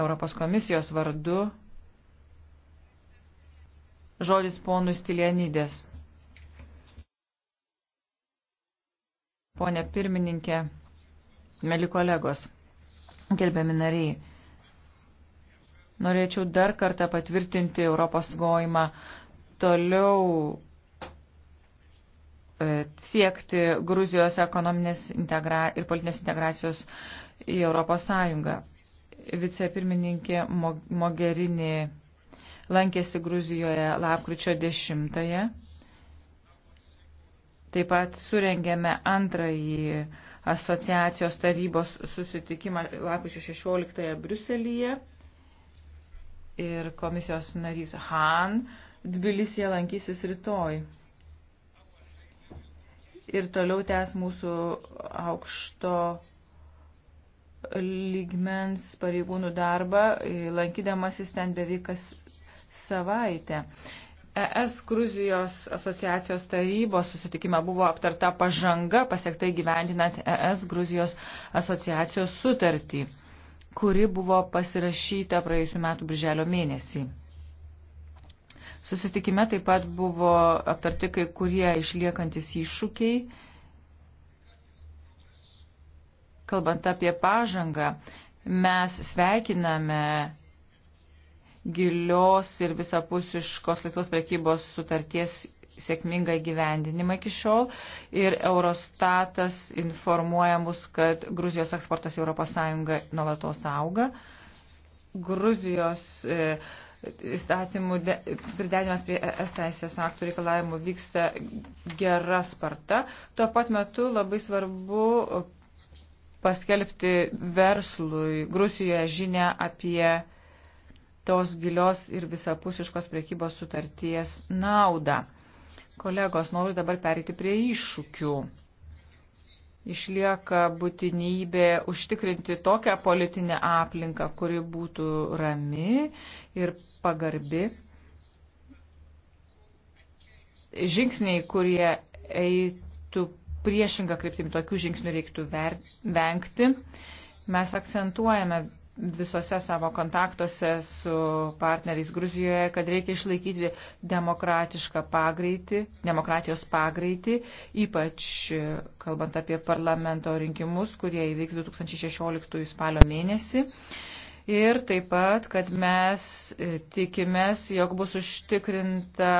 Europos komisijos vardu žodis ponui Stilienydės. Pone pirmininkė, meli kolegos, gerbiami nariai, norėčiau dar kartą patvirtinti Europos gojimą toliau e, siekti Gruzijos ekonominės integra ir politinės integracijos į Europos Sąjungą vicepirmininkė Mogerini lankėsi Gruzijoje lapkričio 10-ąją. Taip pat surengėme antrąjį asociacijos tarybos susitikimą lapkričio 16-ąją Bruselėje. Ir komisijos narys Han Tbilisėje lankysis rytoj. Ir toliau tęs mūsų aukšto lygmens pareigūnų darbą, e, lankydamasis ten beveik kas savaitę. ES Gruzijos asociacijos tarybos susitikime buvo aptarta pažanga pasiekta gyvendinant ES Gruzijos asociacijos sutartį, kuri buvo pasirašyta praėjusiu metu birželio mėnesį. Susitikime taip pat buvo aptarti kai kurie išliekantis iššūkiai Kalbant apie pažangą, mes sveikiname gilios ir visapusiškos laisvos prekybos sutarties sėkmingą įgyvendinimą iki šiol ir Eurostatas informuoja mus, kad Gruzijos eksportas į ES nuolatos auga. Gruzijos e, įstatymų pridėdimas prie ES teisės aktų reikalavimų vyksta gera sparta. Tuo pat metu labai svarbu paskelbti verslui Grusijoje žinę apie tos gilios ir visapusiškos priekybos sutarties naudą. Kolegos, noriu dabar perėti prie iššūkių. Išlieka būtinybė užtikrinti tokią politinę aplinką, kuri būtų rami ir pagarbi. Žingsniai, kurie eitų priešingą kryptimį tokių žingsnių reiktų ver, vengti. Mes akcentuojame visose savo kontaktuose su partneriais Gruzijoje, kad reikia išlaikyti demokratišką pagreitį, demokratijos pagreitį, ypač kalbant apie parlamento rinkimus, kurie įvyks 2016 spalio mėnesį. Ir taip pat, kad mes tikimės, jog bus užtikrinta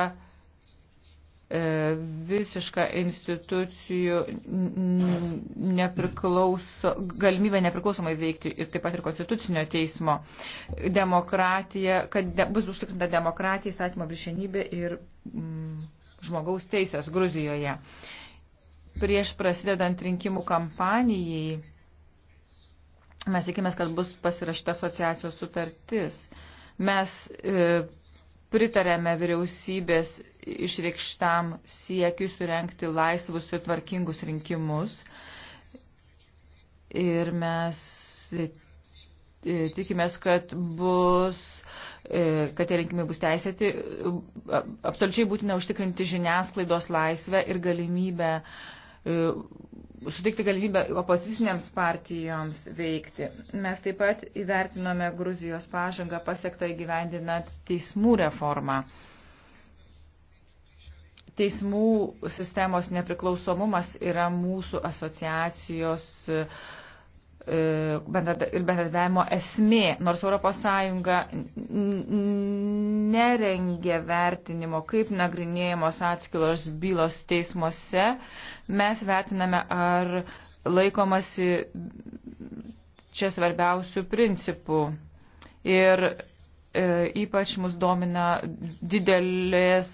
E, visišką institucijų nepriklauso, galimybę nepriklausomai veikti ir taip pat ir konstitucinio teismo demokratija, kad de, bus užtikrinta demokratija, įstatymo viršenybė ir mm, žmogaus teisės Gruzijoje. Prieš prasidedant rinkimų kampanijai mes tikimės, kad bus pasirašta asociacijos sutartis. Mes e, pritarėme vyriausybės išreikštam siekiui surenkti laisvus ir tvarkingus rinkimus. Ir mes e, e, tikimės, kad bus e, kad tie rinkimai bus teisėti, absoliučiai būtina užtikrinti žiniasklaidos laisvę ir galimybę uh, E, suteikti galimybę opozicinėms partijoms veikti. Mes taip pat įvertinome Gruzijos pažangą pasiektą įgyvendinant teismų reformą. Teismų sistemos nepriklausomumas yra mūsų asociacijos uh, E, bendradarbiavimo esmė, nors ES nerengė vertinimo, kaip nagrinėjamos atskilos bylos teismuose, mes vertiname, ar laikomasi čia svarbiausių principų. Ir e, ypač mus domina didelės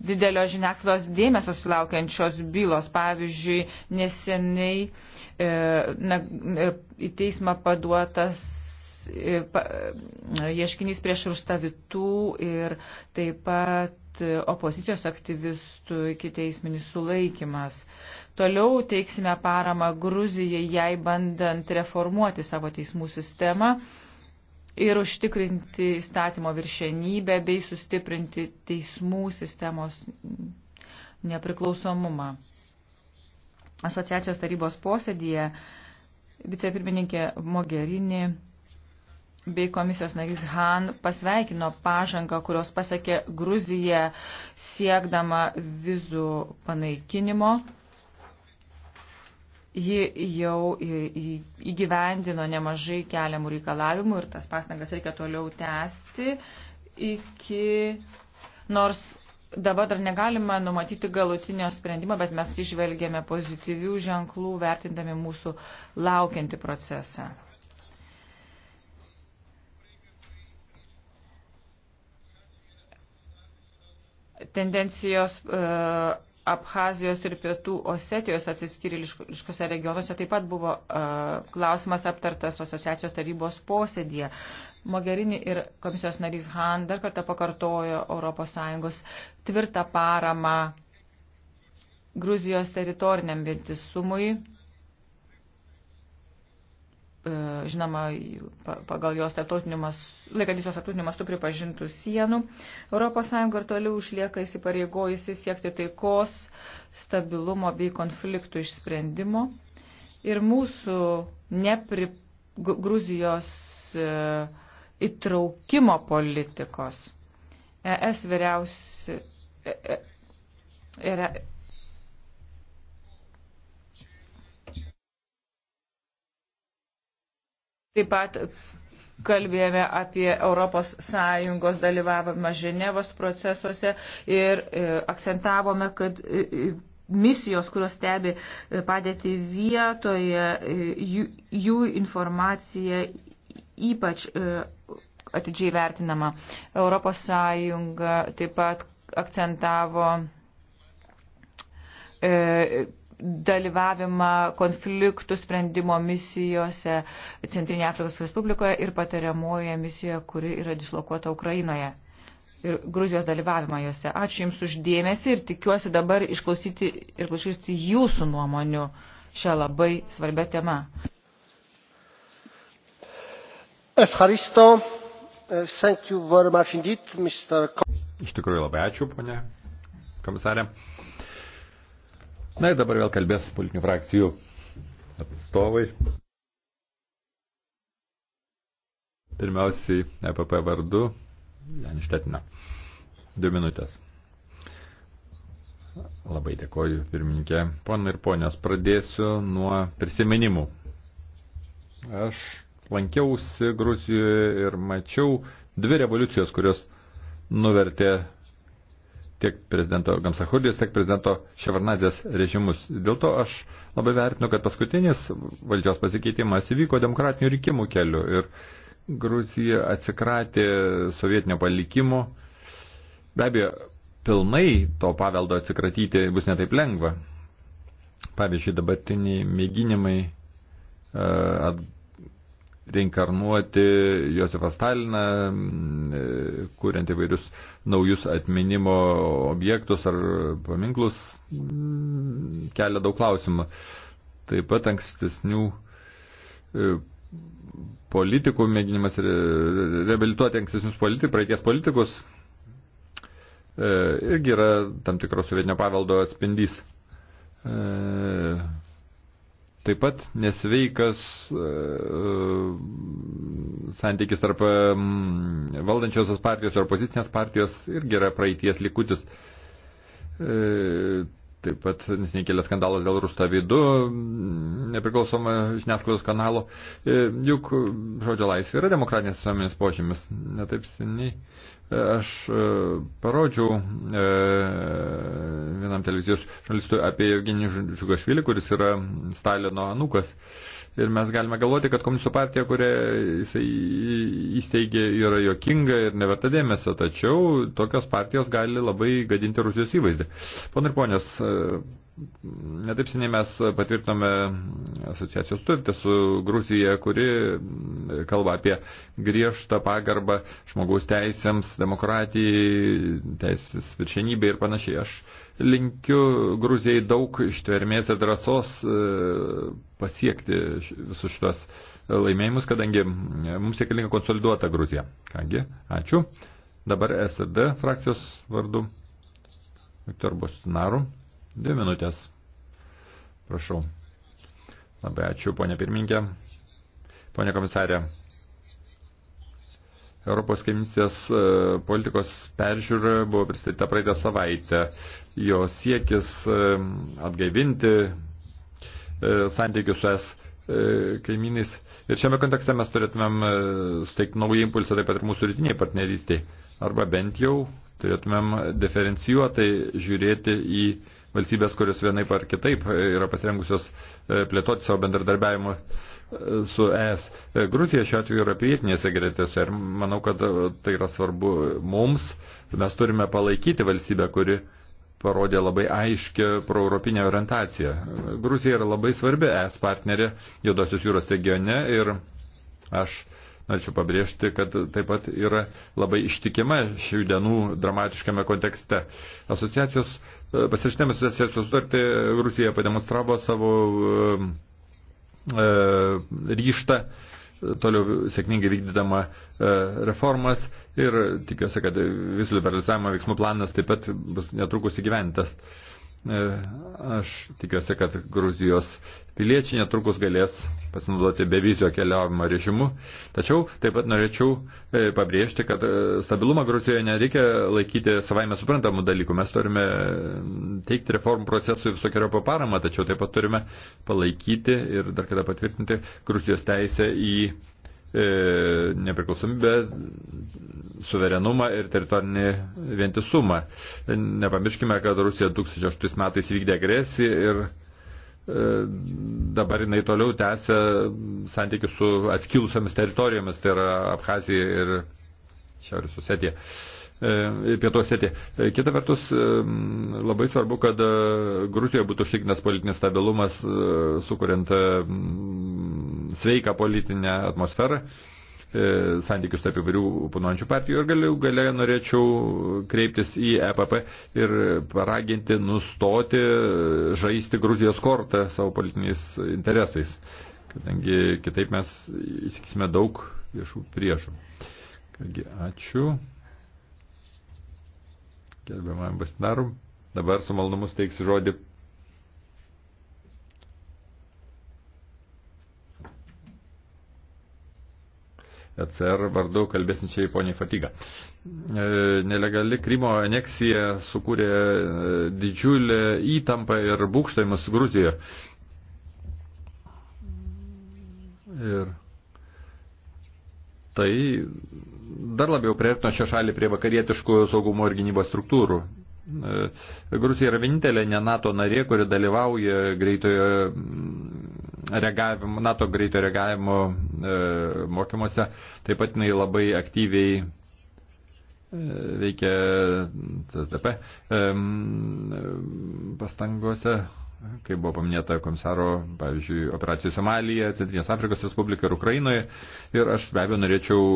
didelio žiniasklaidos dėmesio sulaukiančios bylos. Pavyzdžiui, neseniai e, na, e, į teismą paduotas e, pa, e, ieškinys prieš rustavitų ir taip pat opozicijos aktyvistų iki teisminis sulaikimas. Toliau teiksime paramą Gruzijai, jai bandant reformuoti savo teismų sistemą ir užtikrinti įstatymo viršenybę bei sustiprinti teismų sistemos nepriklausomumą. Asociacijos tarybos posėdėje vicepirmininkė Mogherini bei komisijos narys Han pasveikino pažangą, kurios pasakė Gruzija siekdama vizų panaikinimo ji jau įgyvendino nemažai keliamų reikalavimų ir tas pastangas reikia toliau tęsti iki, nors dabar dar negalima numatyti galutinio sprendimo, bet mes išvelgėme pozityvių ženklų vertindami mūsų laukiantį procesą. Tendencijos uh, Abhazijos ir Pietų Osetijos atsiskyriliškose regionuose taip pat buvo uh, klausimas aptartas asociacijos tarybos posėdėje. Mogherini ir komisijos narys Han dar kartą pakartojo ES tvirtą paramą Gruzijos teritoriniam vientisumui E, žinoma, pagal jos laikantis jos tarptautinių mastų pripažintų sienų, ES ir toliau užlieka įsipareigojusi siekti taikos, stabilumo bei konfliktų išsprendimo. Ir mūsų nepri, Gruzijos e, įtraukimo politikos. ES vyriausi. E, e, e, Taip pat kalbėjome apie ES dalyvavimą Ženevos procesuose ir e, akcentavome, kad e, e, misijos, kurios stebi padėti vietoje, jų informacija ypač atidžiai vertinama. ES taip pat akcentavo dalyvavimą konfliktų sprendimo misijose Centrinė Afrikos Respublikoje ir patariamoje misijoje, kuri yra dislokuota Ukrainoje. Ir Gruzijos dalyvavimą juose. Ačiū Jums uždėmesi ir tikiuosi dabar išklausyti ir klausyti Jūsų nuomonių šią labai svarbę temą. Efharisto, eh, thank you very much indeed, Mr. Iš tikrųjų labai ačiū, ponė komisarė. Na ir dabar vėl kalbės politinių frakcijų atstovai. Pirmiausiai EPP vardu Janištetina. Dvi minutės. Labai dėkoju, pirmininkė. Pone ir ponios, pradėsiu nuo prisiminimų. Aš lankiausi Gruzijoje ir mačiau dvi revoliucijos, kurios nuvertė tiek prezidento Gamsahulijos, tiek prezidento Ševarnadzės režimus. Dėl to aš labai vertinu, kad paskutinis valdžios pasikeitimas įvyko demokratinių rinkimų keliu ir Gruzija atsikratė sovietinio palikimo. Be abejo, pilnai to paveldo atsikratyti bus netaip lengva. Pavyzdžiui, dabartiniai mėginimai uh, reinkarnuoti Josefą Staliną, e, kuriant įvairius naujus atminimo objektus ar paminklus, kelia daug klausimų. Taip pat ankstesnių e, politikų mėginimas reabilituoti ankstesnius politikus, praeities politikus e, irgi yra tam tikros sovietinio paveldo atspindys. Taip pat nesveikas e, e, santykis tarp valdančiosios partijos ir opozicinės partijos irgi yra praeities likutis. E, taip pat nesiniai kėlė skandalas dėl Rustavidu, nepriklausoma žiniasklaidos kanalo. Juk žodžio laisvė yra demokratinės visuomenės požymis. Netaip seniai Aš e, parodžiau e, vienam televizijos žurnalistui apie Eugenijų Žugašvilį, kuris yra Stalino anukas. Ir mes galime galvoti, kad komunistų partija, kurią jisai įsteigė, yra jokinga ir neverta dėmesio, tačiau tokios partijos gali labai gadinti Rusijos įvaizdį. Pone ir ponės, e, Netaip seniai mes patvirtinome asociacijos sutartį su Gruzija, kuri kalba apie griežtą pagarbą žmogaus teisėms, demokratijai, teisės viršenybė ir panašiai. Aš linkiu Gruzijai daug ištvermės ir drąsos e, pasiekti visus šitos laimėjimus, kadangi mums reikalinga konsoliduota Gruzija. Kągi, ačiū. Dabar SRD frakcijos vardu Viktor Bostinaru. Dvi minutės. Prašau. Labai ačiū, ponė pirmininkė. Pone komisarė, Europos kaimynystės e, politikos peržiūra buvo pristatyta praeitą savaitę. Jo siekis e, atgaivinti e, santykius su es kaimynais. Ir šiame kontekste mes turėtumėm suteikti naują impulsą taip pat ir mūsų rytiniai partnerystiai. Arba bent jau turėtumėm diferencijuotai žiūrėti į valstybės, kurios vienaip ar kitaip yra pasirengusios e, plėtoti savo bendradarbiavimo e, su ES. E, Gruzija šiuo atveju yra pietinėse gretėse ir manau, kad tai yra svarbu mums. Mes turime palaikyti valstybę, kuri parodė labai aiškę proeuropinę orientaciją. Gruzija yra labai svarbi ES partnerė Jodosios jūros regione ir aš norėčiau pabrėžti, kad taip pat yra labai ištikima šių dienų dramatiškame kontekste. Asociacijos E, pasirašydami asociacijos sutartį Rusija pademonstravo savo e, e, ryštą toliau sėkmingai vykdydama reformas ir tikiuosi, kad visų liberalizavimo veiksmų planas taip pat bus netrukus įgyventas. E, aš tikiuosi, kad Gruzijos piliečiai netrukus galės pasinaudoti bevizio keliavimo režimu. Tačiau taip pat norėčiau e, pabrėžti, kad e, stabilumą Gruzijoje nereikia laikyti savaime suprantamų dalykų. Mes turime teikti reformų procesui visokiojo paparamą, tačiau taip pat turime palaikyti ir dar kada patvirtinti Gruzijos teisę į nepriklausomybę, suverenumą ir teritorinį vientisumą. Nepamirškime, kad Rusija 2008 metais vykdė agresiją ir e, dabar jinai toliau tęsia santykius su atskilusiamis teritorijomis, tai yra Abhazija ir Šiaurės Osetija. E, Pietų Osetija. E, kita vertus, labai svarbu, kad Gruzijoje būtų užtikrinęs politinis stabilumas, sukuriant sveiką politinę atmosferą. E, santykius tarp įvairių oponuojančių partijų ir galiu galę norėčiau kreiptis į EPP ir paraginti nustoti žaisti Gruzijos kortą savo politiniais interesais, kadangi kitaip mes įsikysime daug viešų priešų. Kągi, ačiū. Gerbiamam pasidarom. Dabar su malonumu steiksiu žodį ECR vardu kalbėsinčiai poniai Fatiga. E, nelegali Krymo aneksija sukūrė e, didžiulį įtampą ir būkštavimus Gruzijoje. Ir tai dar labiau priartino šią šalį prie vakarietiškų saugumo ir gynybos struktūrų. E, Gruzija yra vienintelė ne NATO narė, kuri dalyvauja greitojo reagavimo, NATO greito reagavimo e, mokymuose. Taip pat jinai labai aktyviai e, veikia CSDP e, pastangose, kaip buvo paminėta komisaro, pavyzdžiui, operacijų Somalija, Centrinės Afrikos Respublika ir Ukrainoje. Ir aš be abejo norėčiau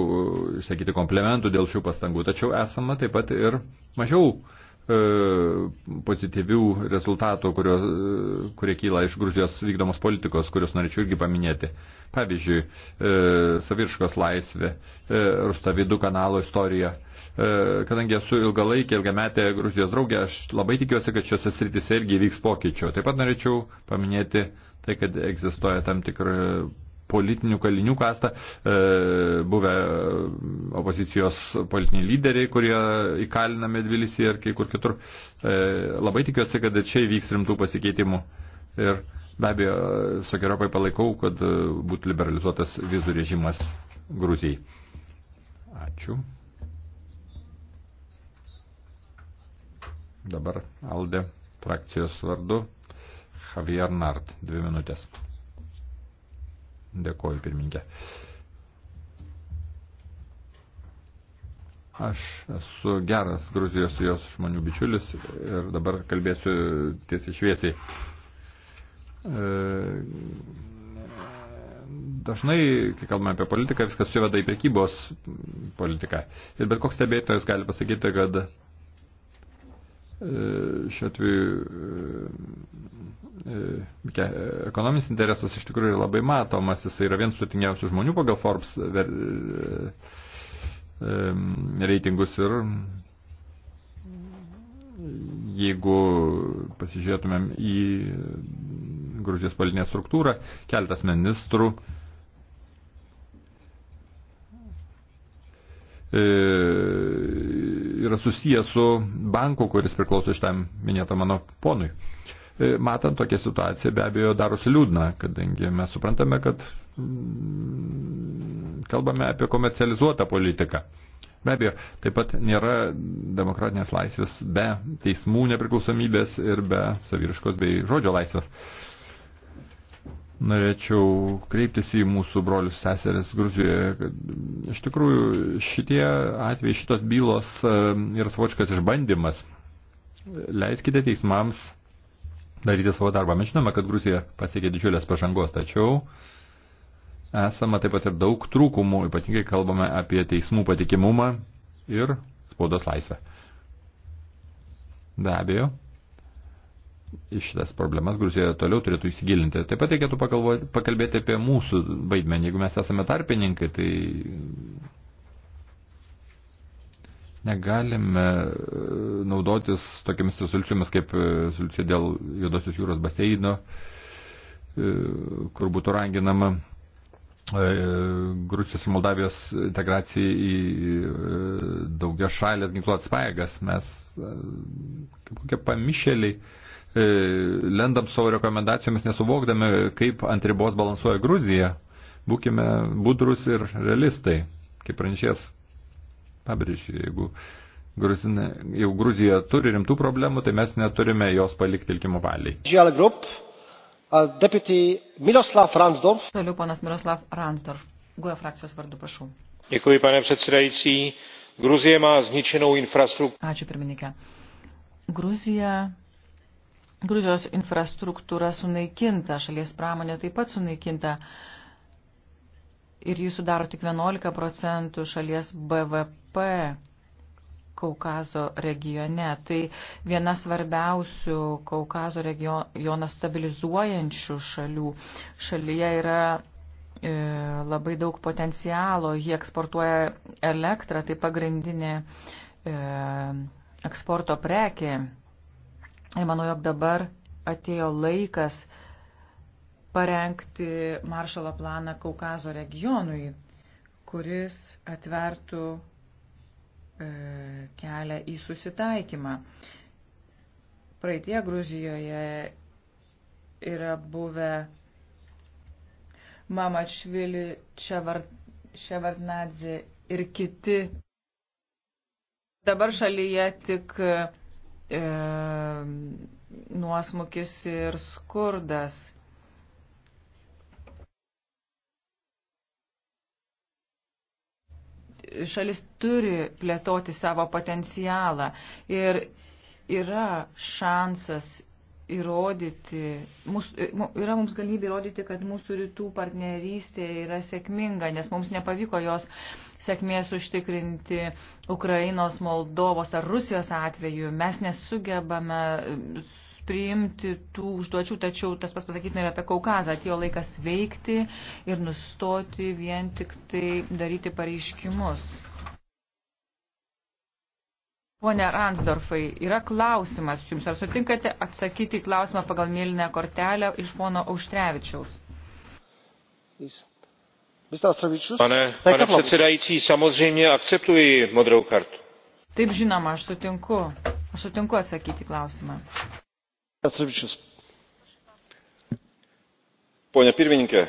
išsakyti komplementų dėl šių pastangų, tačiau esama taip pat ir mažiau E, pozityvių rezultatų, kurio, e, kurie kyla iš Gruzijos vykdomos politikos, kuriuos norėčiau irgi paminėti. Pavyzdžiui, e, savirškos laisvė, Rustavidų kanalo istorija. Kadangi esu ilgalaikė, ilgametė Gruzijos draugė, aš labai tikiuosi, kad šiuose srityse irgi vyks pokyčio. Taip pat norėčiau paminėti tai, kad egzistuoja tam tikri politinių kalinių kastą, e, buvę opozicijos politiniai lyderiai, kurie įkalinami Dvilysi ir kai kur kitur. E, labai tikiuosi, kad čia įvyks rimtų pasikeitimų. Ir be abejo, visokiojopai palaikau, kad būtų liberalizuotas vizų režimas Gruzijai. Ačiū. Dabar Alde frakcijos vardu Javier Nart. Dvi minutės. Dėkoju, pirmininkė. Aš esu geras Gruzijos ir jos žmonių bičiulis ir dabar kalbėsiu tiesiai šviesiai. Dažnai, kai kalbame apie politiką, viskas suveda į prekybos politiką. Ir bet koks stebėtojas gali pasakyti, kad E, šiuo atveju e, e, ekonominis interesas iš tikrųjų yra labai matomas, jis yra vienas sutingiausių žmonių pagal Forbes ver, reitingus ir jeigu pasižiūrėtumėm į Gruzijos politinę struktūrą, keltas ministrų yra susijęs su banku, kuris priklauso iš tam minėto mano ponui. E, matant tokią situaciją be abejo darosi liūdna, kadangi mes suprantame, kad mm, kalbame apie komercializuotą politiką. Be abejo, taip pat nėra demokratinės laisvės be teismų nepriklausomybės ir be saviriškos bei žodžio laisvės norėčiau kreiptis į mūsų brolius seseris Gruzijoje, kad mm, iš tikrųjų šitie atvejai, šitos bylos e, yra savočkas išbandymas. Leiskite teismams daryti savo darbą. Mes žinome, kad Gruzija pasiekė didžiulės pažangos, tačiau esama taip pat ir daug trūkumų, ypatingai kalbame apie teismų patikimumą ir spaudos laisvę. Be abejo, šitas problemas Gruzijoje toliau turėtų įsigilinti. Taip pat reikėtų pakalbėti apie mūsų vaidmenį. Jeigu mes esame tarpininkai, tai negalime e, naudotis tokiamis rezoliucijomis kaip e, rezoliucija dėl Juodosios jūros baseino, e, kur būtų ranginama Gruzijos ir Moldavijos integracija į daugia šalės ginkluotas pajėgas. Mes kaip kokie pamišėliai E, lendam savo rekomendacijomis nesuvokdami, kaip ant ribos balansuoja Gruzija. Būkime budrus ir realistai, kaip pranešės pabrėžį, jeigu Gruzinė, jau Gruzija turi rimtų problemų, tai mes neturime jos palikti likimo valiai. Toliau ponas Miroslav Ransdorf, GUE frakcijos vardu, prašau. Dėkui, pane předsedající. Gruzija má zničenou infrastruktūrą. Ačiū, pirmininkė. Gruzija Gruzijos infrastruktūra sunaikinta, šalies pramonė taip pat sunaikinta ir jį sudaro tik 11 procentų šalies BVP Kaukazo regione. Tai viena svarbiausių Kaukazo regioną stabilizuojančių šalių. Šalyje yra e, labai daug potencialo, jie eksportuoja elektrą, tai pagrindinė e, eksporto prekė. Ir manau, jog dabar atėjo laikas parengti maršalo planą Kaukazo regionui, kuris atvertų e, kelią į susitaikymą. Praeitie Gruzijoje yra buvę Mamačvili, Ševardnadzi ir kiti. Dabar šalyje tik e, nuosmukis ir skurdas. Šalis turi plėtoti savo potencialą ir yra šansas įrodyti, mūs, e, yra mums galimybė įrodyti, kad mūsų rytų partnerystė yra sėkminga, nes mums nepavyko jos sėkmės užtikrinti Ukrainos, Moldovos ar Rusijos atveju. Mes nesugebame e, priimti tų užduočių, tačiau tas pas pasakytina ir apie Kaukazą. Atėjo laikas veikti ir nustoti vien tik tai daryti pareiškimus. Pone Ransdorfai, yra klausimas jums. Ar sutinkate atsakyti į klausimą pagal mėlynę kortelę iš pono Auštrevičiaus? Pane, pane předsedající, samozřejmě akceptuji modrou kartu. Taip žinoma, aš sutinku. Aš sutinku atsakyti klausimą. Auštrevičius. Pone pirmininkė,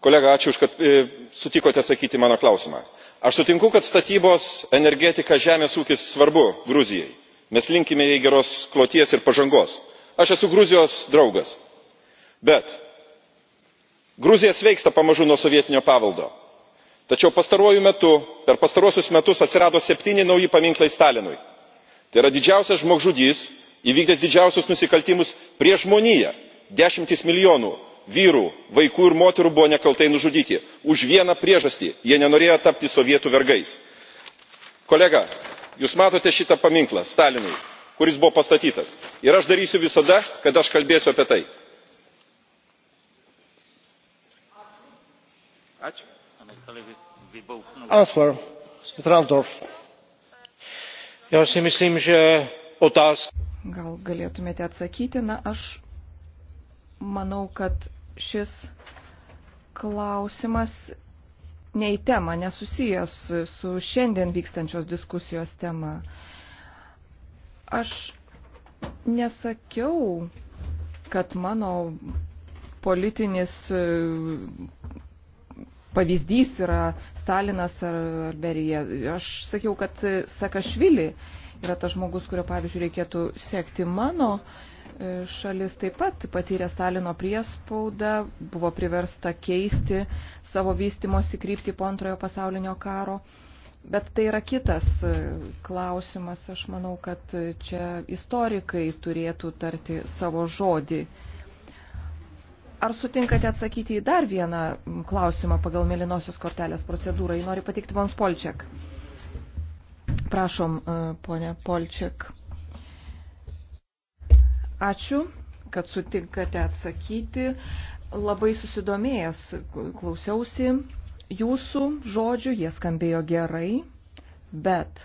kolega, ačiū už, kad e, sutikote atsakyti mano klausimą aš sutinku kad statybos energetika žemės ūkis svarbu gruzijai mes linkime jai geros kloties ir pažangos aš esu gruzijos draugas bet gruzija sveiksta pamažu nuo sovietinio paveldo tačiau pastaruoju metu per pastaruosius metus atsirado septyni nauji paminklai stalinui tai yra didžiausias žmogžudys įvykdęs didžiausius nusikaltimus prieš žmoniją dešimtis milijonų vyrų vaikų ir moterų buvo nekaltai nužudyti už vieną priežastį jie nenorėjo tapti sovietų vergais. kolega jūs matote šitą paminklą stalinui kuris buvo pastatytas ir aš darysiu visada kad aš kalbėsiu apie tai. gal galėtumėte atsakyti na aš manau, kad šis klausimas ne į temą, nesusijęs su šiandien vykstančios diskusijos tema. Aš nesakiau, kad mano politinis e, pavyzdys yra Stalinas ar, ar Berija. Aš sakiau, kad Sakašvili yra tas žmogus, kurio pavyzdžiui reikėtų sekti mano uh, E, šalis taip pat patyrė Stalino priespaudą, buvo priversta keisti savo vystimosi kryptį po antrojo pasaulinio karo. Bet tai yra kitas e, klausimas. Aš manau, kad čia istorikai turėtų tarti savo žodį. Ar sutinkate atsakyti į dar vieną klausimą pagal mėlynosios kortelės procedūrą? Jį nori patikti Vons Polčiak. Prašom, e, ponė Polčiak. Ačiū, kad sutinkate atsakyti. Labai susidomėjęs klausiausi jūsų žodžių, jie skambėjo gerai, bet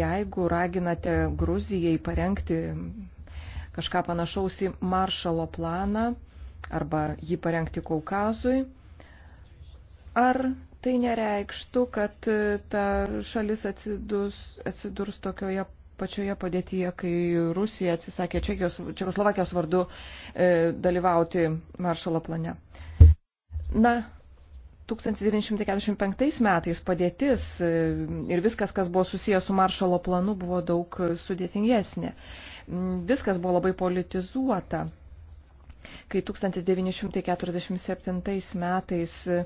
jeigu raginate Gruzijai parengti kažką panašaus į maršalo planą arba jį parengti Kaukazui, ar tai nereikštų, kad ta šalis atsidurs, atsidurs tokioje pačioje padėtyje, kai Rusija atsisakė Čekijos, Čekoslovakijos vardu e, dalyvauti maršalo plane. Na, 1945 metais padėtis e, ir viskas, kas buvo susijęs su maršalo planu, buvo daug sudėtingesnė. Mm, viskas buvo labai politizuota. Kai 1947 metais e,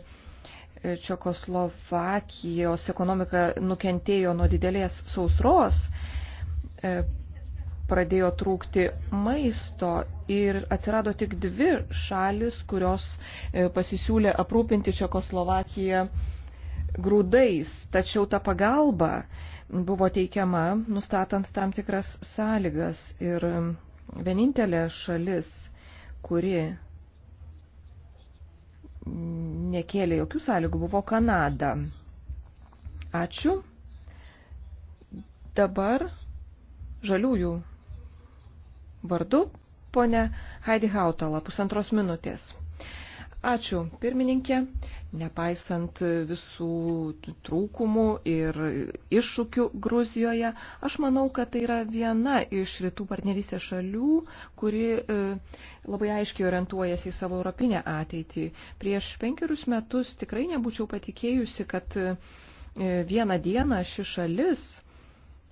Čekoslovakijos ekonomika nukentėjo nuo didelės sausros, E, pradėjo trūkti maisto ir atsirado tik dvi šalis, kurios e, pasisiūlė aprūpinti Čekoslovakiją grūdais, tačiau ta pagalba buvo teikiama nustatant tam tikras sąlygas ir vienintelė šalis, kuri nekėlė jokių sąlygų, buvo Kanada. Ačiū. Dabar žaliųjų vardu ponė Heidi Hautala, pusantros minutės. Ačiū, pirmininkė. Nepaisant visų trūkumų ir iššūkių Gruzijoje, aš manau, kad tai yra viena iš rytų partnerystės šalių, kuri e, labai aiškiai orientuojasi į savo europinę ateitį. Prieš penkerius metus tikrai nebūčiau patikėjusi, kad e, vieną dieną ši šalis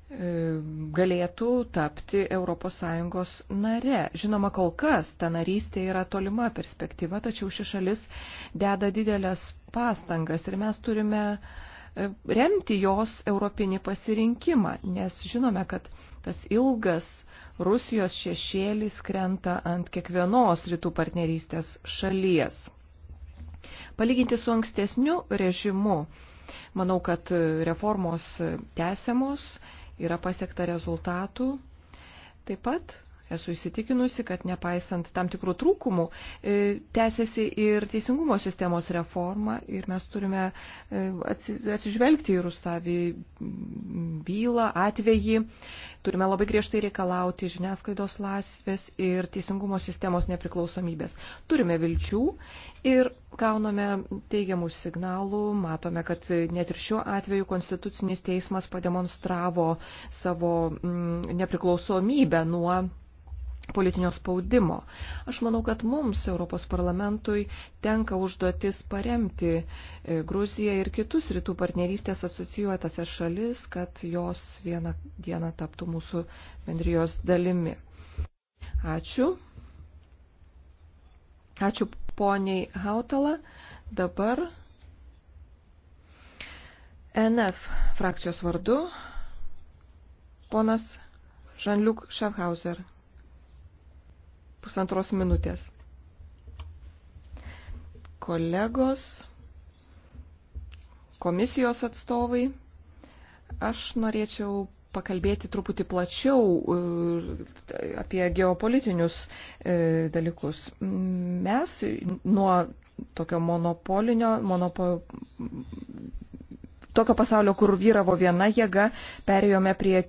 E, galėtų tapti ES nare. Žinoma, kol kas ta narystė yra tolima perspektyva, tačiau ši šalis deda didelės pastangas ir mes turime e, remti jos europinį pasirinkimą, nes žinome, kad tas ilgas Rusijos šešėlis krenta ant kiekvienos rytų partnerystės šalies. Palyginti su ankstesniu režimu, manau, kad reformos tęsiamos yra pasiekta rezultatų. Taip pat Esu įsitikinusi, kad nepaisant tam tikrų trūkumų, e, tęsiasi ir teisingumo sistemos reforma ir mes turime e, atsižvelgti į Rusavį bylą, atvejį. Turime labai griežtai reikalauti žiniasklaidos laisvės ir teisingumo sistemos nepriklausomybės. Turime vilčių ir gauname teigiamų signalų. Matome, kad net ir šiuo atveju Konstitucinis teismas pademonstravo savo nepriklausomybę nuo politinio spaudimo. Aš manau, kad mums, Europos parlamentui, tenka užduotis paremti e, Gruziją ir kitus rytų partnerystės asocijuotasias šalis, kad jos vieną dieną taptų mūsų bendrijos dalimi. Ačiū. Ačiū poniai Hautala. Dabar NF frakcijos vardu ponas Žanliuk Šafhauser pusantros minutės. Kolegos, komisijos atstovai, aš norėčiau pakalbėti truputį plačiau uh, apie geopolitinius uh, dalykus. Mes nuo tokio monopolinio, monopo, tokio pasaulio, kur vyravo viena jėga, perėjome prie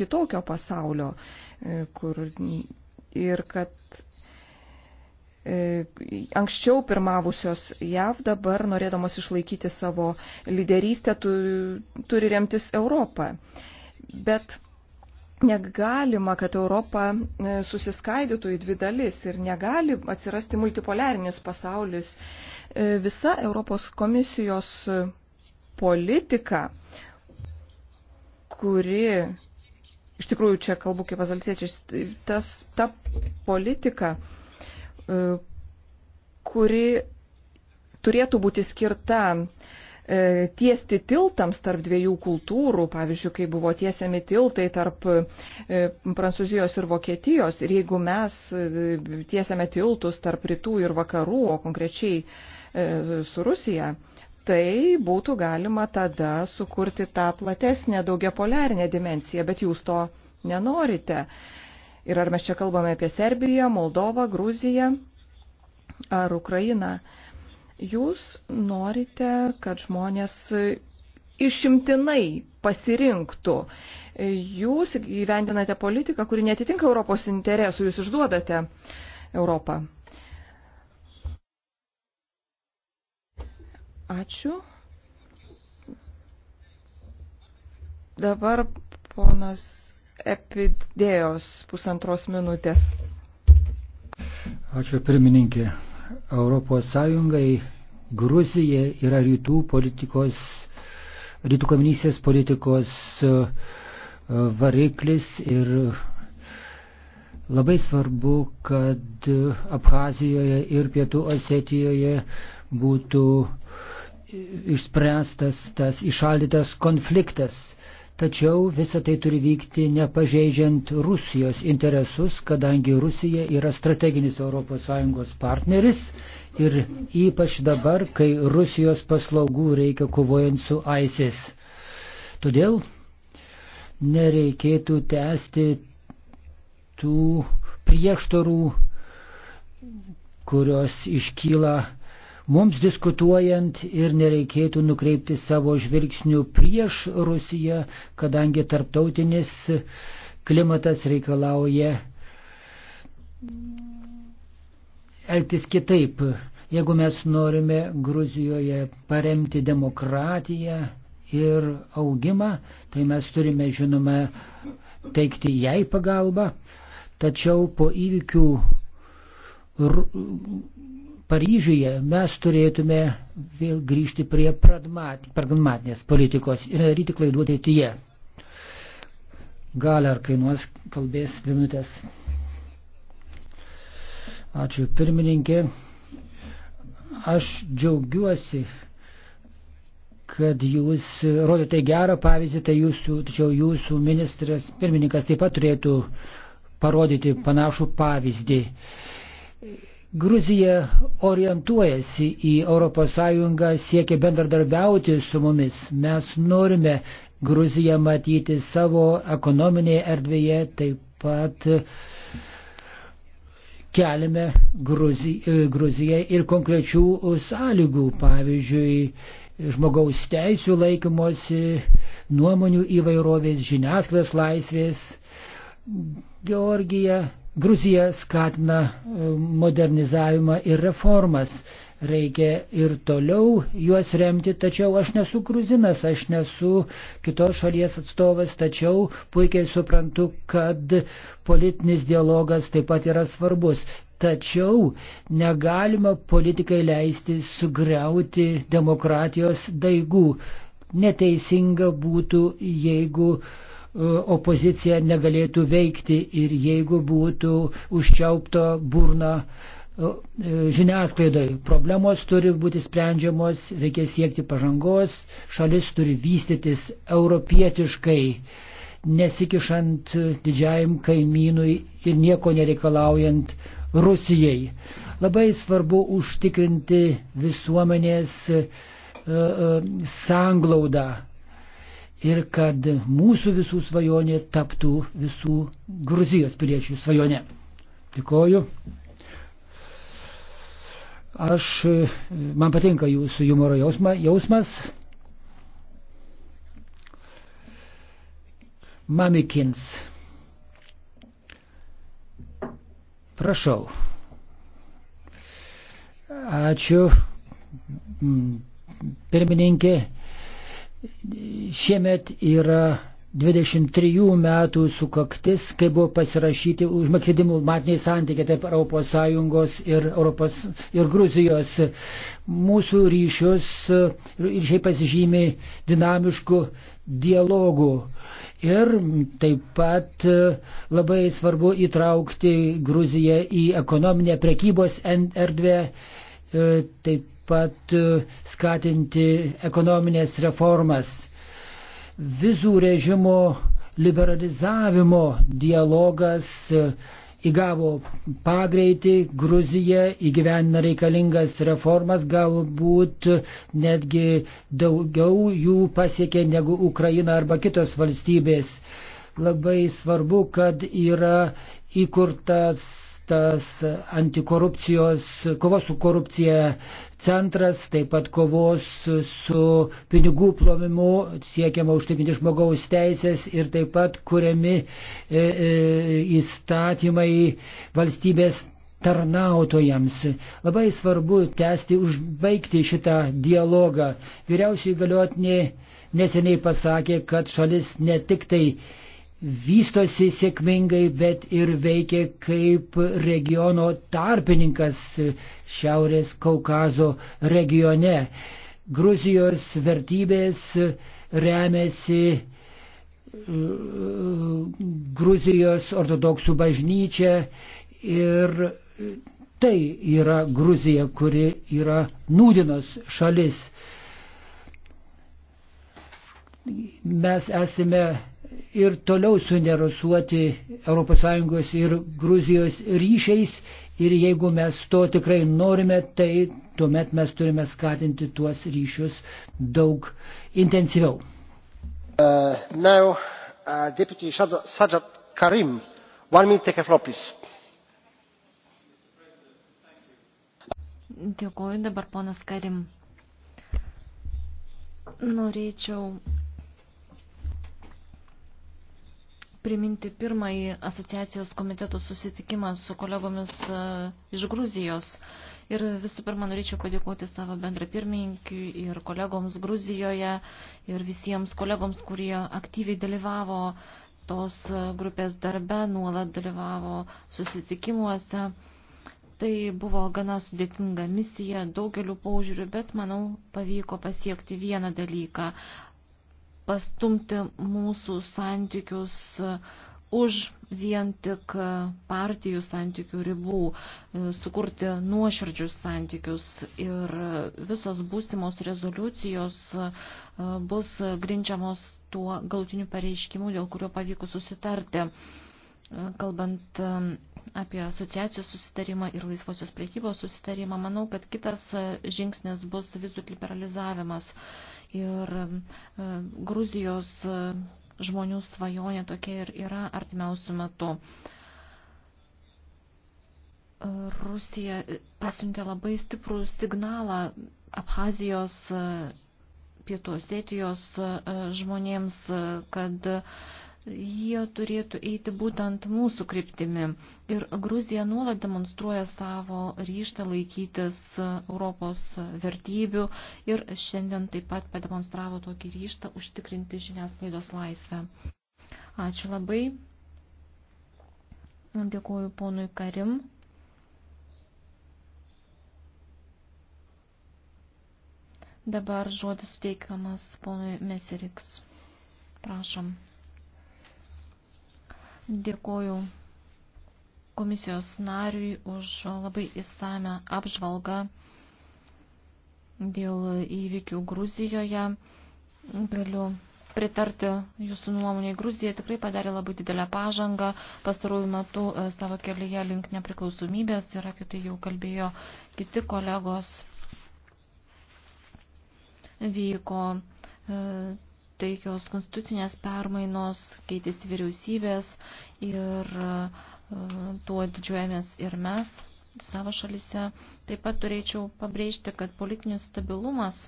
kitokio pasaulio, uh, kur ir kad E, anksčiau pirmavusios JAV dabar, norėdamos išlaikyti savo lyderystę, turi remtis Europą. Bet negalima, kad Europa e, susiskaidytų į dvi dalis ir negali atsirasti multipolarinis pasaulis. E, visa Europos komisijos politika, kuri, iš tikrųjų čia kalbu kaip azalsiečiai, tas ta politika, E, kuri turėtų būti skirta e, tiesti tiltams tarp dviejų kultūrų, pavyzdžiui, kai buvo tiesiami tiltai tarp e, Prancūzijos ir Vokietijos, ir jeigu mes tiesiame tiltus tarp rytų ir vakarų, o konkrečiai su Rusija, tai būtų galima tada sukurti tą platesnę daugiapolarinę dimensiją, bet jūs to nenorite. Ir ar mes čia kalbame apie Serbiją, Moldovą, Gruziją ar Ukrainą. Jūs norite, kad žmonės išimtinai pasirinktų. Jūs įvendinate politiką, kuri netitinka Europos interesų, jūs išduodate Europą. Ačiū. Dabar ponas epidėjos pusantros minutės. Ačiū pirmininkė. Europos Sąjungai Gruzija yra rytų politikos, rytų komunistės politikos e, variklis ir labai svarbu, kad Abhazijoje ir Pietų Osetijoje būtų išspręstas tas išaldytas konfliktas. Tačiau visa tai turi vykti nepažeidžiant Rusijos interesus, kadangi Rusija yra strateginis ES partneris ir ypač dabar, kai Rusijos paslaugų reikia kovojant su ISIS. Todėl nereikėtų tęsti tų prieštarų, kurios iškyla Mums diskutuojant ir nereikėtų nukreipti savo žvilgsnių prieš Rusiją, kadangi tarptautinis klimatas reikalauja elgtis kitaip. Jeigu mes norime Gruzijoje paremti demokratiją ir augimą, tai mes turime, žinoma, teikti jai pagalbą. Tačiau po įvykių Paryžiuje mes turėtume vėl grįžti prie pragmatinės politikos ir e, daryti klaidų ateityje. Gal ar kainuos, kalbės dvi minutės. Ačiū pirmininkė. Aš džiaugiuosi, kad jūs rodėte gerą pavyzdį, tai jūsų, tačiau jūsų ministras pirmininkas taip pat turėtų parodyti panašų pavyzdį Gruzija orientuojasi į ES, siekia bendradarbiauti su mumis. Mes norime Gruziją matyti savo ekonominėje erdvėje, taip pat keliame Gruziją ir konkrečių sąlygų, pavyzdžiui, žmogaus teisų laikymosi, nuomonių įvairovės, žiniasklaidos laisvės. Georgija Gruzija skatina e, modernizavimą ir reformas. Reikia ir toliau juos remti, tačiau aš nesu gruzinas, aš nesu kitos šalies atstovas, tačiau puikiai suprantu, kad politinis dialogas taip pat yra svarbus. Tačiau negalima politikai leisti sugriauti demokratijos daigų. Neteisinga būtų, jeigu uh, E, opozicija negalėtų veikti ir jeigu būtų užčiaupto burna e, e, žiniasklaidai. Problemos turi būti sprendžiamos, reikia siekti pažangos, šalis turi vystytis europietiškai, nesikišant didžiajam kaimynui ir nieko nereikalaujant Rusijai. Labai svarbu užtikrinti visuomenės sanglaudą ir kad mūsų visų svajonė taptų visų Gruzijos piliečių svajonė. Dėkoju. Aš, man patinka jūsų humoro jausma, jausmas. Mamikins. Prašau. Ačiū. Mm, pirmininkė Šiemet yra 23 metų sukaktis, kai buvo pasirašyti užmėgti diplomatiniai santykiai tarp ES ir, Europos, ir Gruzijos. Mūsų ryšius ryšiai pasižymė dinamiškų dialogų. Ir taip pat labai svarbu įtraukti Gruziją į ekonominę prekybos erdvę, e, taip pat e, skatinti ekonominės reformas. Vizų režimo liberalizavimo dialogas e, įgavo pagreitį, Gruzija įgyvenina reikalingas reformas, galbūt netgi daugiau jų pasiekė negu Ukraina arba kitos valstybės. Labai svarbu, kad yra įkurtas tas antikorupcijos, kovos su korupcija centras, taip pat kovos su pinigų plovimu, siekiama užtikrinti žmogaus teisės ir taip pat kuriami e, e, įstatymai valstybės tarnautojams. Labai svarbu tęsti, užbaigti šitą dialogą. Vyriausiai galiotinė neseniai pasakė, kad šalis ne tik tai vystosi sėkmingai, bet ir veikia kaip regiono tarpininkas Šiaurės Kaukazo regione. Gruzijos vertybės remiasi Gruzijos ortodoksų bažnyčia ir tai yra Gruzija, kuri yra nūdinos šalis. Mes esame ir toliau sunerusuoti ES ir Gruzijos ryšiais ir jeigu mes to tikrai norime, tai tuomet mes turime skatinti tuos ryšius daug intensyviau. Uh, now, uh, Deputy Sajad Karim, one minute, take a floor, please. Dėkuoju dabar ponas Karim. Norėčiau priminti pirmąjį asociacijos komitetų susitikimą su kolegomis e, iš Gruzijos. Ir visų pirma, norėčiau padėkoti savo bendra pirmininkiui ir kolegoms Gruzijoje ir visiems kolegoms, kurie aktyviai dalyvavo tos e, grupės darbe, nuolat dalyvavo susitikimuose. Tai buvo gana sudėtinga misija daugeliu paužiūrių, bet manau pavyko pasiekti vieną dalyką pastumti mūsų santykius už vien tik partijų santykių ribų, sukurti nuoširdžius santykius ir visos būsimos rezoliucijos e, bus grindžiamos tuo gautiniu pareiškimu, dėl kurio pavyko susitarti. E, kalbant apie asociacijos susitarimą ir laisvosios priekybos susitarimą. Manau, kad kitas e, žingsnis bus vizų liberalizavimas. Ir e, Gruzijos e, žmonių svajonė tokia ir yra artimiausių metų. Rusija pasiuntė labai stiprų signalą Abhazijos, Pietų Osetijos žmonėms, kad jie turėtų eiti būtent mūsų kryptimi. Ir Gruzija nuolat demonstruoja savo ryštą laikytis Europos vertybių ir šiandien taip pat pademonstravo tokį ryštą užtikrinti žiniasklaidos laisvę. Ačiū labai. Dėkuoju ponui Karim. Dabar žodis suteikiamas ponui Meseriks. Prašom. Dėkuoju komisijos nariui už labai įsame apžvalgą dėl įvykių Gruzijoje. Galiu pritarti jūsų nuomonėje. Gruzija tikrai padarė labai didelę pažangą pastarųjų metų e, savo kelyje link nepriklausomybės ir apie tai jau kalbėjo kiti kolegos. Vyko e, taikios konstitucinės permainos, keitėsi vyriausybės ir e, tuo didžiuojamės ir mes savo šalise. Taip pat turėčiau pabrėžti, kad politinis stabilumas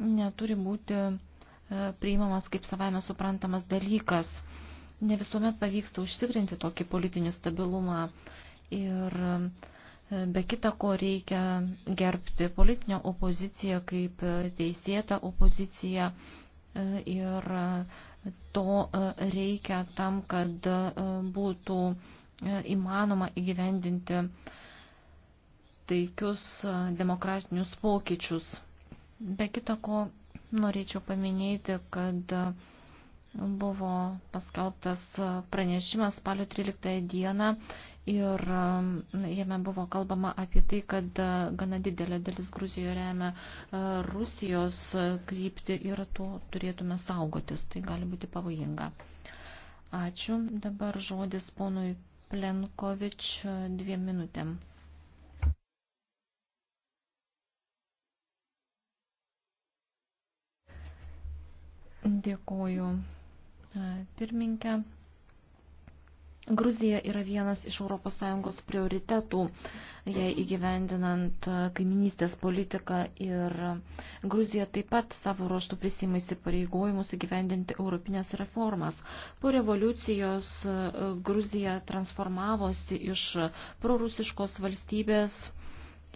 neturi būti e, priimamas kaip savame suprantamas dalykas. Ne visuomet pavyksta užtikrinti tokį politinį stabilumą. Ir uh, Be kita ko reikia gerbti politinę opoziciją kaip teisėtą opoziciją e, ir e, to e, reikia tam, kad būtų įmanoma įgyvendinti taikius demokratinius pokyčius. Be kita ko norėčiau paminėti, kad buvo paskelbtas pranešimas spalio 13 dieną Ir um, jame buvo kalbama apie tai, kad uh, gana didelė dalis Gruzijoje remia uh, Rusijos uh, krypti ir to turėtume saugotis. Tai gali būti pavojinga. Ačiū. Dabar žodis ponui Plenkovič dviem minutėm. Dėkoju pirminkę. Gruzija yra vienas iš ES prioritetų, jei įgyvendinant e, kaiminystės politiką ir Gruzija taip pat savo ruoštų prisima įsipareigojimus įgyvendinti europinės reformas. Po revoliucijos e, Gruzija transformavosi iš prorusiškos valstybės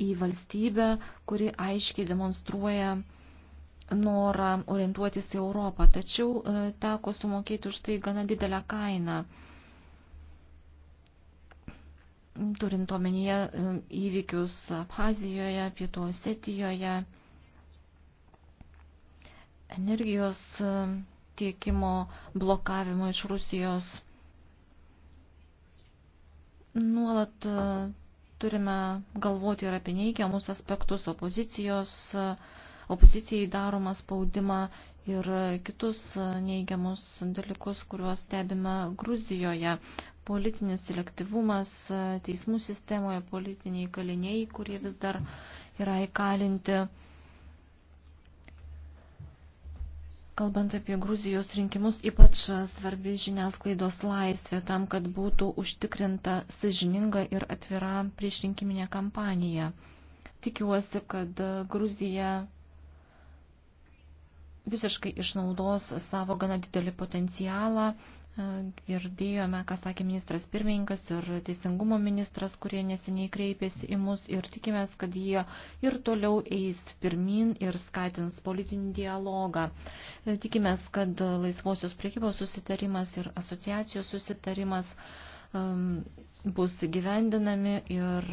į valstybę, kuri aiškiai demonstruoja norą orientuotis į Europą, tačiau e, teko sumokėti už tai gana didelę kainą turint omenyje e, įvykius Abhazijoje, Pietų Osetijoje, energijos e, tiekimo blokavimo iš Rusijos. Nuolat e, turime galvoti ir apie neigiamus aspektus opozicijos, opozicijai daromą spaudimą ir kitus neigiamus dalykus, kuriuos stebime Gruzijoje politinis selektyvumas e, teismų sistemoje, politiniai kaliniai, kurie vis dar yra įkalinti. Kalbant apie Gruzijos rinkimus, ypač svarbi žiniasklaidos laisvė tam, kad būtų užtikrinta sažininga ir atvira priešrinkiminė kampanija. Tikiuosi, kad Gruzija visiškai išnaudos savo gana didelį potencialą Girdėjome, ką sakė ministras pirmininkas ir teisingumo ministras, kurie neseniai kreipėsi į mus ir tikimės, kad jie ir toliau eis pirmin ir skatins politinį dialogą. E, tikimės, kad laisvosios priekybos susitarimas ir asociacijos susitarimas um, bus gyvendinami ir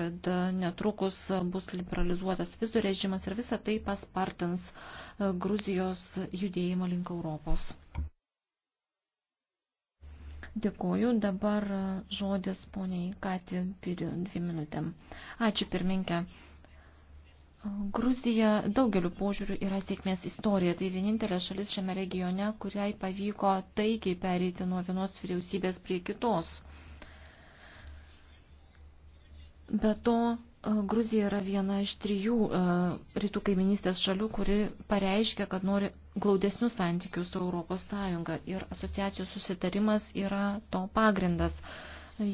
kad netrukus bus liberalizuotas vizų režimas ir visa tai paspartins e, Gruzijos judėjimą link Europos. Dėkuoju. Dabar žodis poniai Kati Piriu dvi minutėm. Ačiū pirminkę. Gruzija daugeliu požiūrių yra sėkmės istorija. Tai vienintelė šalis šiame regione, kuriai pavyko taikiai pereiti nuo vienos vyriausybės prie kitos. Be to, Gruzija yra viena iš trijų rytų kaiminystės šalių, kuri pareiškia, kad nori glaudesnių santykių su Europos Sąjunga ir asociacijos susitarimas yra to pagrindas.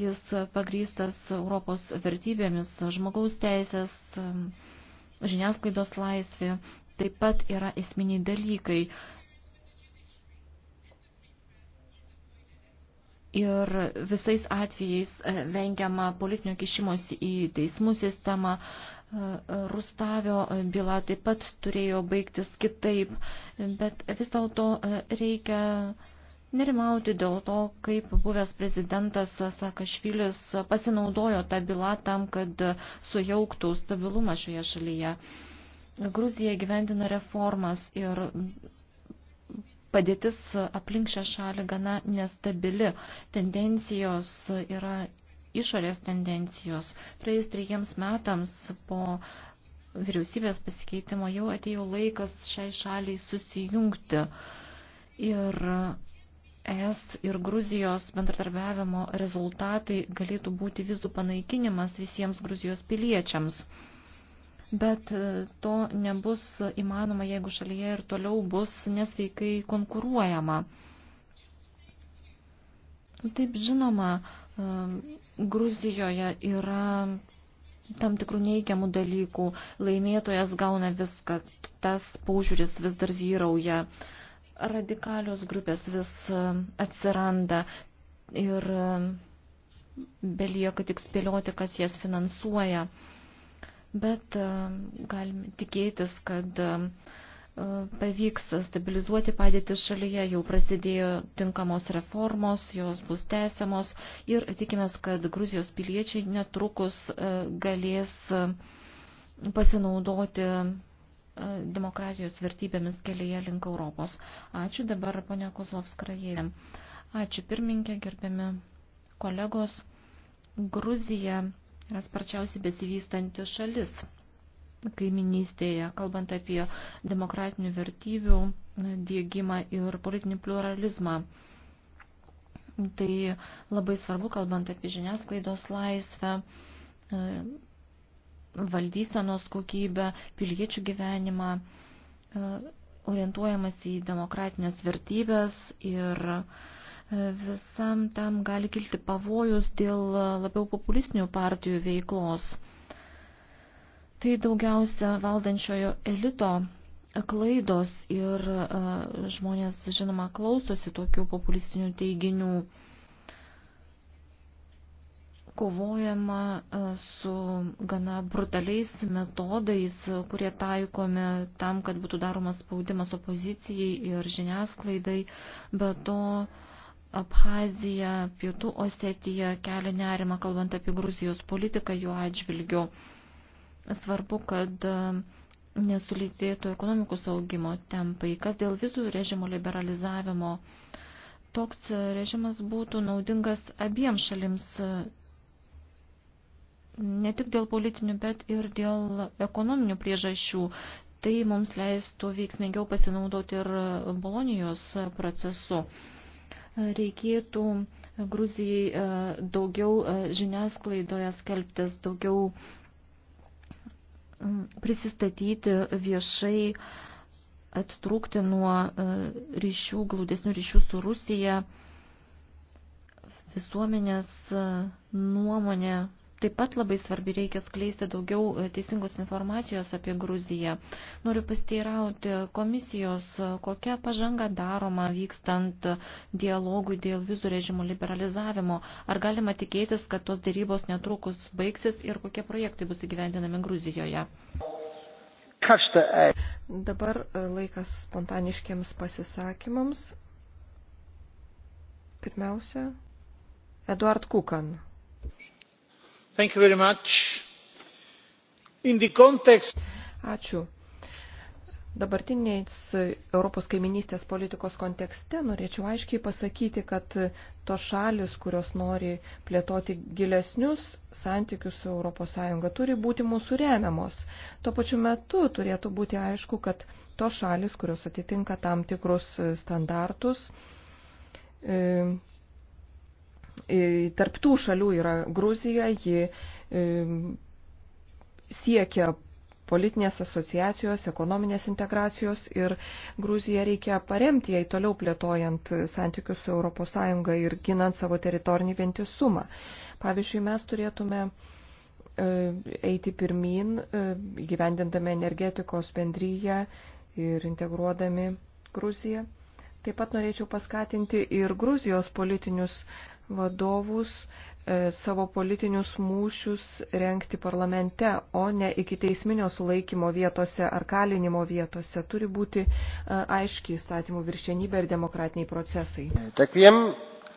Jis pagrystas Europos vertybėmis, žmogaus teisės, žiniasklaidos laisvė, taip pat yra esminiai dalykai ir visais atvejais e, vengiama politinio kišimosi į teismų sistemą. E, e, Rustavio byla taip pat turėjo baigtis kitaip, bet vis dėlto reikia nerimauti dėl to, kaip buvęs prezidentas Sakašvilis pasinaudojo tą bylą tam, kad sujauktų stabilumą šioje šalyje. Gruzija gyvendina reformas ir Padėtis aplink šią šalį gana nestabili. Tendencijos yra išorės tendencijos. Praėjus trejiems metams po vyriausybės pasikeitimo jau atėjo laikas šiai šaliai susijungti. Ir ES ir Gruzijos bendradarbiavimo rezultatai galėtų būti vizų panaikinimas visiems Gruzijos piliečiams bet e, to nebus įmanoma, jeigu šalyje ir toliau bus nesveikai konkuruojama. Taip žinoma, e, Gruzijoje yra tam tikrų neigiamų dalykų. Laimėtojas gauna viską, tas paužiūris vis dar vyrauja, radikalios grupės vis e, atsiranda ir belieka tik spėlioti, kas jas finansuoja bet e, galime tikėtis, kad e, e, pavyks stabilizuoti padėtį šalyje, jau prasidėjo tinkamos reformos, jos bus tęsiamos ir tikimės, kad Gruzijos piliečiai netrukus galės pasinaudoti demokratijos vertybėmis kelyje link Europos. Ačiū dabar, ponia Kozlovskrajėlė. Ačiū pirmininkė, gerbiami kolegos. Gruzija yra sparčiausiai besivystanti šalis kaiminystėje, kalbant apie demokratinių vertybių dėgymą ir politinį pluralizmą. Tai labai svarbu, kalbant apie žiniasklaidos laisvę, e, valdysenos kokybę, piliečių gyvenimą, e, orientuojamas į demokratinės vertybės ir uh, visam tam gali kilti pavojus dėl labiau populistinių partijų veiklos. Tai daugiausia valdančiojo elito klaidos ir žmonės, žinoma, klausosi tokių populistinių teiginių. Kovojama su gana brutaliais metodais, kurie taikomi tam, kad būtų daromas spaudimas opozicijai ir žiniasklaidai, bet to Abhazija, Pietų Osetija kelia nerimą, kalbant apie Gruzijos politiką jų atžvilgiu. Svarbu, kad e, nesulėtėtų ekonomikos augimo tempai. Kas dėl vizų režimo liberalizavimo, toks e, režimas būtų naudingas abiems šalims, e, ne tik dėl politinių, bet ir dėl ekonominių priežasčių. Tai mums leistų veiksmingiau pasinaudoti ir Bolonijos procesu reikėtų Gruzijai e, daugiau e, žiniasklaidoje skelbtis, daugiau prisistatyti viešai, attrūkti nuo e, ryšių, glaudesnių ryšių su Rusija. Visuomenės nuomonė taip pat labai svarbi reikia skleisti daugiau e, teisingos informacijos apie Gruziją. Noriu pasteirauti komisijos, e, kokia pažanga daroma vykstant dialogui dėl vizų režimo liberalizavimo. Ar galima tikėtis, kad tos dėrybos netrukus baigsis ir kokie projektai bus įgyvendinami Gruzijoje? E. Dabar laikas spontaniškiams pasisakymams. Pirmiausia, Eduard Kukan. Context... Ačiū. Dabartinės Europos kaiminystės politikos kontekste norėčiau aiškiai pasakyti, kad tos šalis, kurios nori plėtoti gilesnius santykius su ES, turi būti mūsų remiamos. Tuo pačiu metu turėtų būti aišku, kad tos šalis, kurios atitinka tam tikrus standartus, e, Tarptų šalių yra Gruzija, ji e, siekia politinės asociacijos, ekonominės integracijos ir Gruziją reikia paremti, jai toliau plėtojant santykius su ES ir ginant savo teritorinį vientisumą. Pavyzdžiui, mes turėtume e, eiti pirmin, e, gyvendindami energetikos bendryje ir integruodami Gruziją. Taip pat norėčiau paskatinti ir Gruzijos politinius vadovus e, savo politinius mūšius renkti parlamente, o ne iki teisminio sulaikymo vietose ar kalinimo vietose. Turi būti e, aiškiai įstatymų viršenybė ir demokratiniai procesai. Dėkujem.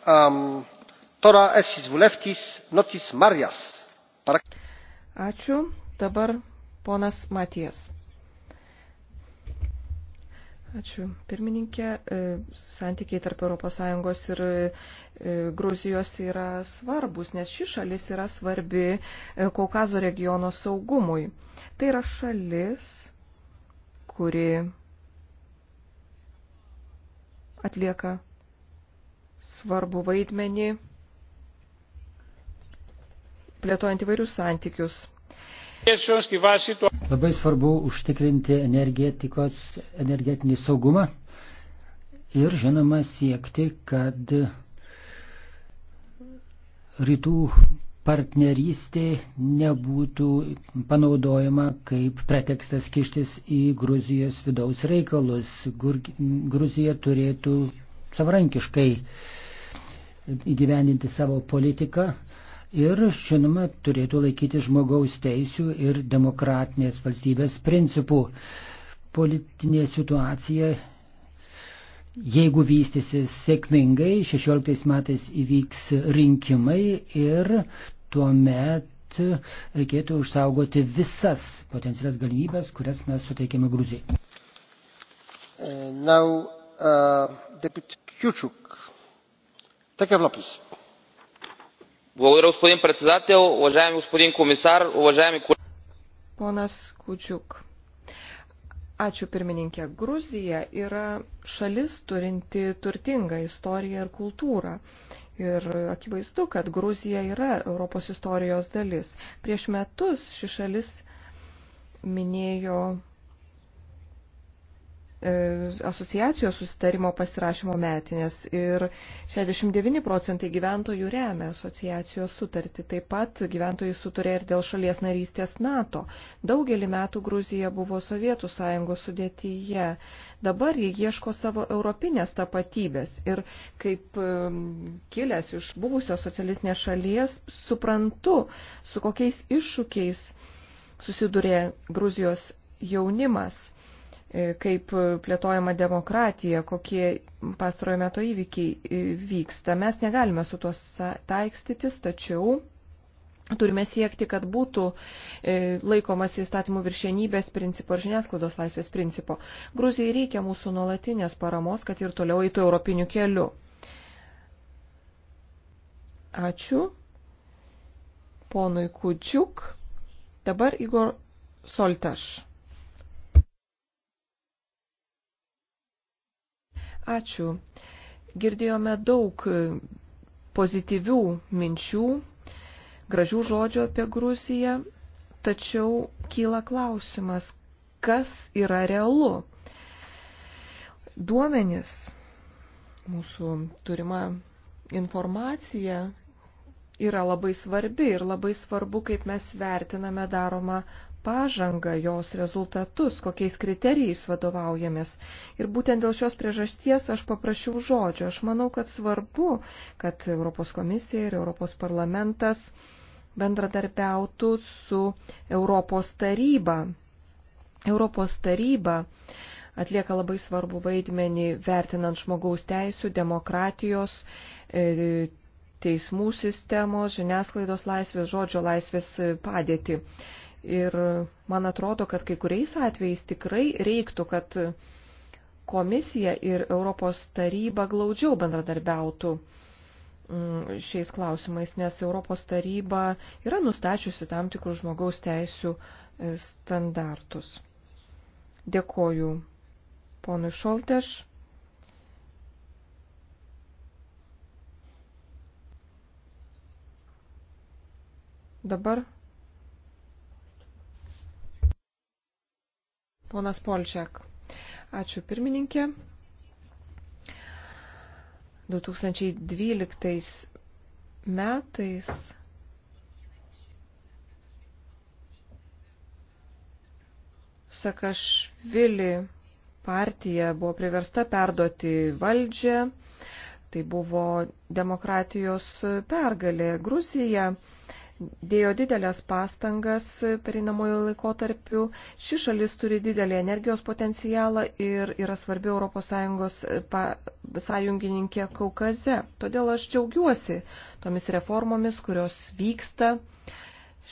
Um, tora esis vuleftis notis Marijas. Para... Ačiū. Dabar ponas Matijas. Ačiū. Pirmininkė, e, santykiai tarp ES ir E, Gruzijos yra svarbus, nes ši šalis yra svarbi e, Kaukazo regiono saugumui. Tai yra šalis, kuri atlieka svarbu vaidmenį plėtojant įvairius santykius. Labai svarbu užtikrinti energetikos, energetinį saugumą ir žinoma siekti, kad rytų partnerystė nebūtų panaudojama kaip pretekstas kištis į Gruzijos vidaus reikalus. Gruzija turėtų savarankiškai įgyvendinti savo politiką ir, žinoma, turėtų laikyti žmogaus teisių ir demokratinės valstybės principų. Politinė situacija Jeigu vystysis sėkmingai, 16 metais įvyks rinkimai ir tuomet reikėtų užsaugoti visas potencialias galimybės, kurias mes suteikėme Gruzijai. E, now, uh, Благодаря, господин председател, уважаеми господин комисар, уважаеми колеги. Ponas Kučiuk. Ačiū pirmininkė. Gruzija yra šalis turinti turtingą istoriją ir kultūrą. Ir akivaizdu, kad Gruzija yra Europos istorijos dalis. Prieš metus ši šalis minėjo E, asociacijos susitarimo pasirašymo metinės ir 69 procentai gyventojų remia asociacijos sutartį. Taip pat gyventojai sutarė ir dėl šalies narystės NATO. Daugelį metų Gruzija buvo Sovietų sąjungos sudėtyje. Dabar jie ieško savo europinės tapatybės ir kaip e, kilęs iš buvusios socialistinės šalies suprantu, su kokiais iššūkiais susidurė Gruzijos jaunimas kaip plėtojama demokratija, kokie pastarojo meto įvykiai e, vyksta. Mes negalime su tuos taikstytis, tačiau turime siekti, kad būtų e, laikomas įstatymų viršienybės principo ir žiniasklaidos laisvės principo. Gruzijai reikia mūsų nuolatinės paramos, kad ir toliau eitų europiniu keliu. Ačiū. Ponui Kudžiuk. Dabar Igor Soltaš. Ačiū. Girdėjome daug pozityvių minčių, gražių žodžių apie Gruziją, tačiau kyla klausimas, kas yra realu. Duomenys, mūsų turima informacija yra labai svarbi ir labai svarbu, kaip mes vertiname daromą pažangą, jos rezultatus, kokiais kriterijais vadovaujamės. Ir būtent dėl šios priežasties aš paprašiau žodžio. Aš manau, kad svarbu, kad Europos komisija ir Europos parlamentas bendradarbiautų su Europos taryba. Europos taryba atlieka labai svarbu vaidmenį vertinant žmogaus teisų, demokratijos, e, teismų sistemos, žiniasklaidos laisvės, žodžio laisvės padėti. Ir man atrodo, kad kai kuriais atvejais tikrai reiktų, kad komisija ir Europos taryba glaudžiau bendradarbiautų mm, šiais klausimais, nes Europos taryba yra nustačiusi tam tikrus žmogaus teisų e, standartus. Dėkoju ponui Šolteš. Dabar Ponas Polčiak. Ačiū pirmininkė. 2012 metais Sakašvili partija buvo priversta perduoti valdžią. Tai buvo demokratijos pergalė. Gruzija dėjo didelės pastangas perinamojo laikotarpiu. Ši šalis turi didelį energijos potencialą ir yra svarbi ES e, sąjungininkė Kaukaze. Todėl aš džiaugiuosi tomis reformomis, kurios vyksta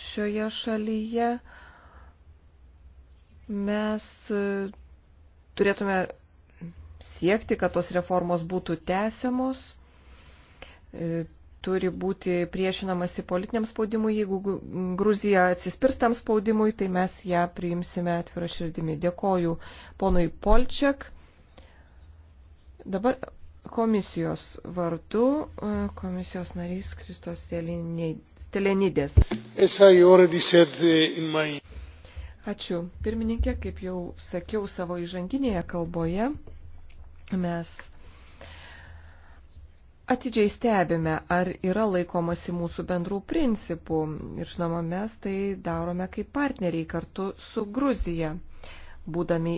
šioje šalyje. Mes e, turėtume siekti, kad tos reformos būtų tęsiamos e, turi būti priešinamasi politiniam spaudimui. Jeigu Gruzija atsispirs tam spaudimui, tai mes ją priimsime atviro širdimi. Dėkoju ponui Polčiak. Dabar komisijos vardu e, komisijos narys Kristos Telenidės. Ačiū. Pirmininkė, kaip jau sakiau savo įžanginėje kalboje, mes atidžiai stebime, ar yra laikomasi mūsų bendrų principų. Ir žinoma, mes tai darome kaip partneriai kartu su Gruzija, būdami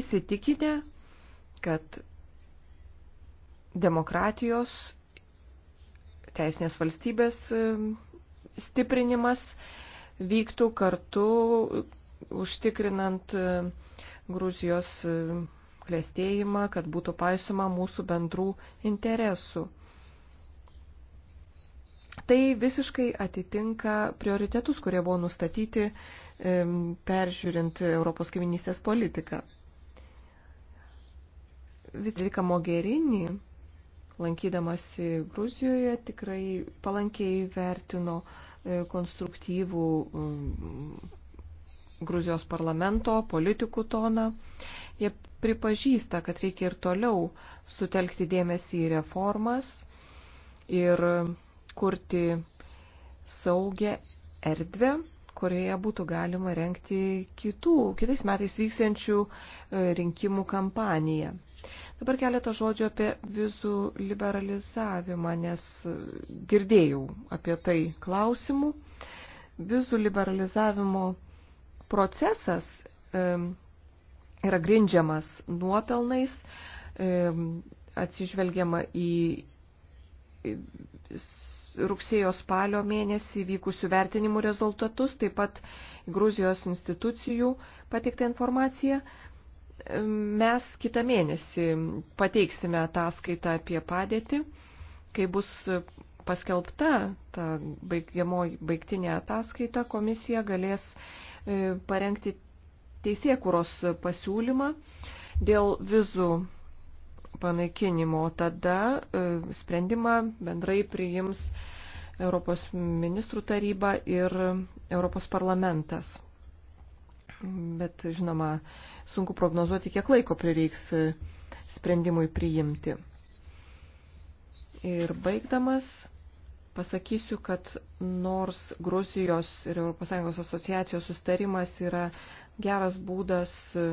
įsitikinę, kad demokratijos, teisinės valstybės stiprinimas vyktų kartu užtikrinant Gruzijos klėstėjimą, kad būtų paisoma mūsų bendrų interesų. Tai visiškai atitinka prioritetus, kurie buvo nustatyti peržiūrint Europos kaiminysės politiką. Vicerika Mogerini, lankydamasi Gruzijoje, tikrai palankiai vertino e, konstruktyvų Gruzijos parlamento, politikų toną. Jie pripažįsta, kad reikia ir toliau sutelkti dėmesį į reformas ir kurti saugę erdvę, kurioje būtų galima renkti kitų, kitais metais vyksiančių e, rinkimų kampaniją. Dabar keletą žodžių apie vizų liberalizavimą, nes girdėjau apie tai klausimų. Vizų liberalizavimo procesas yra grindžiamas nuopelnais, atsižvelgiama į rugsėjo spalio mėnesį vykusių vertinimų rezultatus, taip pat Gruzijos institucijų pateiktą informaciją. Mes kitą mėnesį pateiksime ataskaitą apie padėtį, kai bus paskelbta ta baigiamoji baigtinė ataskaita, komisija galės E, parengti teisėkuros pasiūlymą dėl vizų panaikinimo. Tada e, sprendimą bendrai priims Europos ministrų taryba ir Europos parlamentas. Bet, žinoma, sunku prognozuoti, kiek laiko prireiks sprendimui priimti. Ir baigdamas, pasakysiu, kad nors Gruzijos ir ES asociacijos sustarimas yra geras būdas e,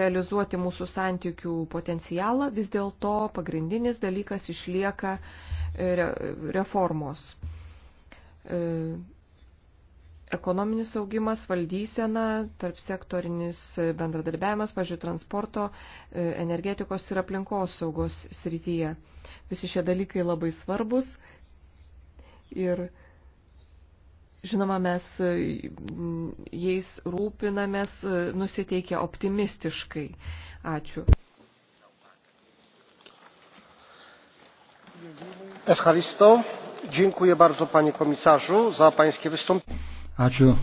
realizuoti mūsų santykių potencialą, vis dėlto pagrindinis dalykas išlieka e, reformos e, ekonominis augimas, valdysena, tarp sektorinis bendradarbiavimas, pažiūrėjau, transporto, e, energetikos ir aplinkos saugos srityje. Visi šie dalykai labai svarbus ir žinoma, mes e, jais rūpinamės e, nusiteikę optimistiškai. Ačiū. Efharisto dziękuję bardzo panie komisarzu za pańskie wystąpienie. Ačiū